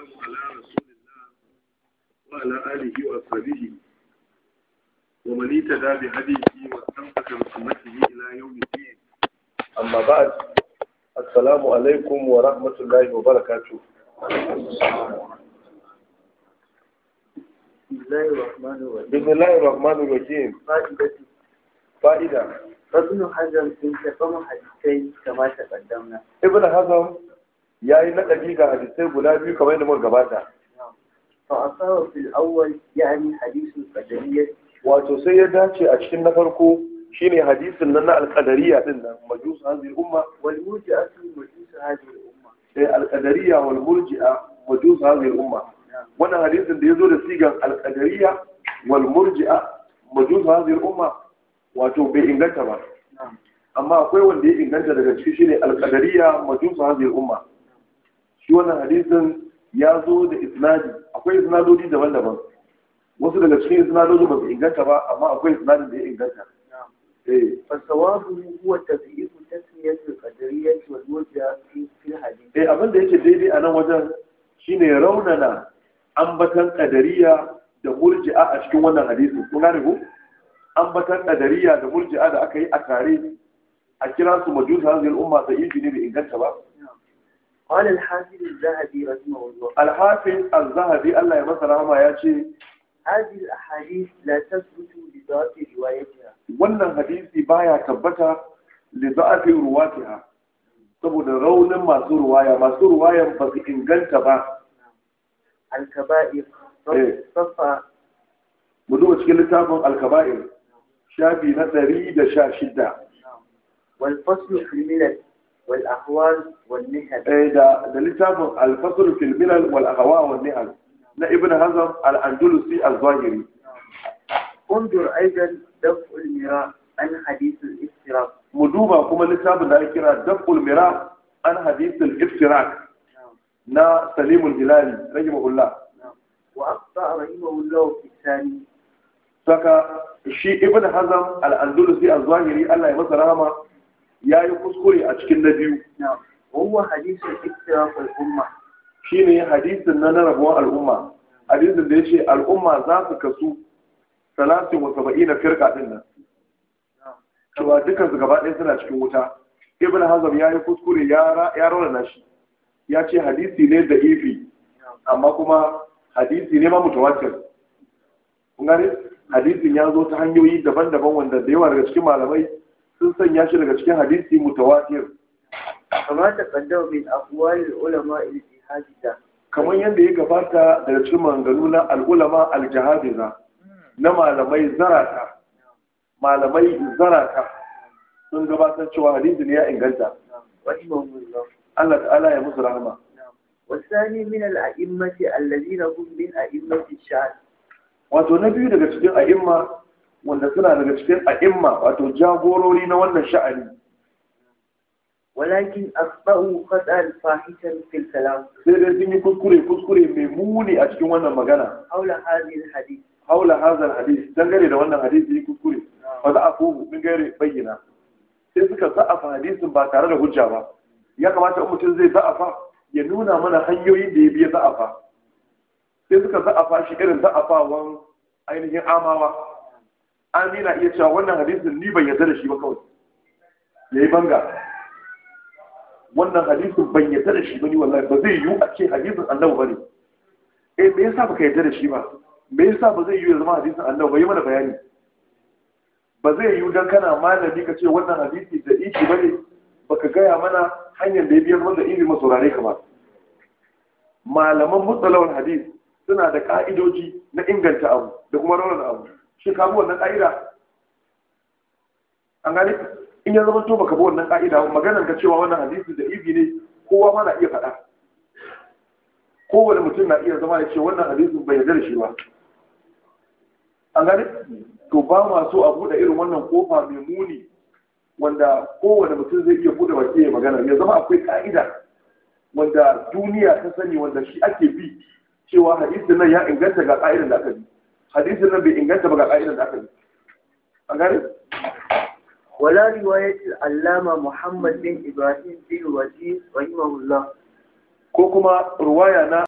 والسلام على رسول الله وعلى آله وأصحابه ومن اهتدى بهديه واستمسك بسنته إلى يوم الدين أما بعد السلام عليكم ورحمة الله وبركاته بسم الله الرحمن الرحيم فائدة فابن حزم انتقم حديثين كما تقدمنا ابن حزم ya yi na ga hadisai guda biyu kamar yadda muka gabata fa asawa fil awwal yani hadisul qadariyya wato sai ya dace a cikin na farko shine hadisin nan na alqadariya din nan majus hadhihi umma eh, wal murji'a majus hadhihi umma sai alqadariya wal murji'a majus hadhihi umma wannan hadisin da yazo da sigan alqadariya wal murji'a majus hadhihi umma wato bai inganta ba amma akwai wanda ya inganta daga cikin shine alqadariya majusu hadhihi umma shi wannan hadisin ya zo da isnadi akwai isnadodi daban-daban wasu daga cikin isnadodi ba su inganta ba amma akwai isnadin da ya inganta eh. fasawabu huwa tabi'u tasmiyatul qadariyya wal wajha fi hadith eh abinda yake daidai a nan wajen shine raunana ambatan qadariyya da murji'a a cikin wannan hadisi kun gane ko ambatan qadariyya da murji'a da aka yi a tare a kira su majusa hadhihi al umma sai ne bai inganta ba قال الحافظ الذهبي رحمه الله الحافظ الذهبي الله يمسى رحمه يا شيخ هذه الأحاديث لا تثبت لضعف روايتها wannan hadisi baya tabbata li da'afi ruwatiha saboda raunin masu ruwaya masu ruwayan ba su inganta ba al-kaba'ir eh. safa mu cikin littafin al-kaba'ir shafi na 116 wal wal ahwal wal da littafin al fasl fil milal na ibn hazm al andalusi al zahiri undur aidan daf'ul mira an hadith iftirak mu duba kuma littafin da ake kira daf'ul mira an hadith iftirak na salim al hilali rahimahullah wa saka shi ibn hazm al Allah ya masa ya yi kuskure a cikin na biyu wawa hadisin iktirafin umma shi ne hadisin na na rabuwar al'umma hadisin da ya ce al'umma za su kasu talatin wasu ba'i na firka ɗin nan cewa dukkan su gaba ɗaya suna cikin wuta ibn hazam ya yi kuskure ya na shi ya ce hadisi ne da ifi amma kuma hadisi ne ma mutawatir kun gane hadisin ya zo ta hanyoyi daban-daban wanda da yawa daga cikin malamai sun sanya shi daga cikin hadisi mutawatir kama ta kaddama min aqwalil ulama al-jihadida kamar yadda ya gabata daga cikin maganganu na al-ulama al na malamai zarata malamai zarata sun gabatar cewa hadisi ne ya inganta Allah ta'ala ya musu rahama والثاني من الأئمة الذين هم من أئمة الشعب wato na biyu daga cikin wanda suna daga cikin a'imma wato jagorori na wannan sha'ani walakin asba'u khata fahitan fil kalam sai dai sun yi kuskure kuskure mai muni a cikin wannan magana haula hadhihi hadith haula hadha hadith dangane da wannan hadisi yi kuskure fa za a kohu min gare bayyana sai suka za'afa hadisin ba tare da hujja ba ya kamata mutum zai za'afa ya nuna mana hanyoyin da ya biya za'afa sai suka za'afa shi irin za'afawan ainihin amawa ami na iya cewa wannan hadisin ni ban yarda da shi ba kawai yayi banga wannan hadisin ban yarda da shi ba ni wallahi ba zai yiwu a ce hadisin ba bane eh me yasa baka yarda da shi ba me yasa ba zai yiwu ya zama hadisin annabi ba yi mana bayani ba zai yiwu dan kana malami ka ce wannan hadisi da iki bane baka gaya mana hanyar da ya biyar wanda iri masaurare ka malaman mutsalawar hadis suna da ka'idoji na inganta abu da kuma raunar abu shi ka bi wannan ƙa'ida an gane in ya zama to baka bi wannan ƙa'ida maganar ka cewa wannan hadisi da ibi ne kowa ma na iya faɗa kowane mutum na iya zama ya ce wannan hadisin bai yarda da shi ba an gane to ba ma so a buɗe irin wannan kofa mai muni wanda kowane mutum zai iya buɗe baki ya magana ya zama akwai ƙa'ida wanda duniya ta sani wanda shi ake bi cewa hadisin nan ya inganta ga ƙa'idan da aka bi hadisin nan bai inganta ba ga ka'idar da aka yi. A gare? Wala riwayatul Allama Muhammad bin Ibrahim bin Wajid rahimahullah ko kuma ruwaya na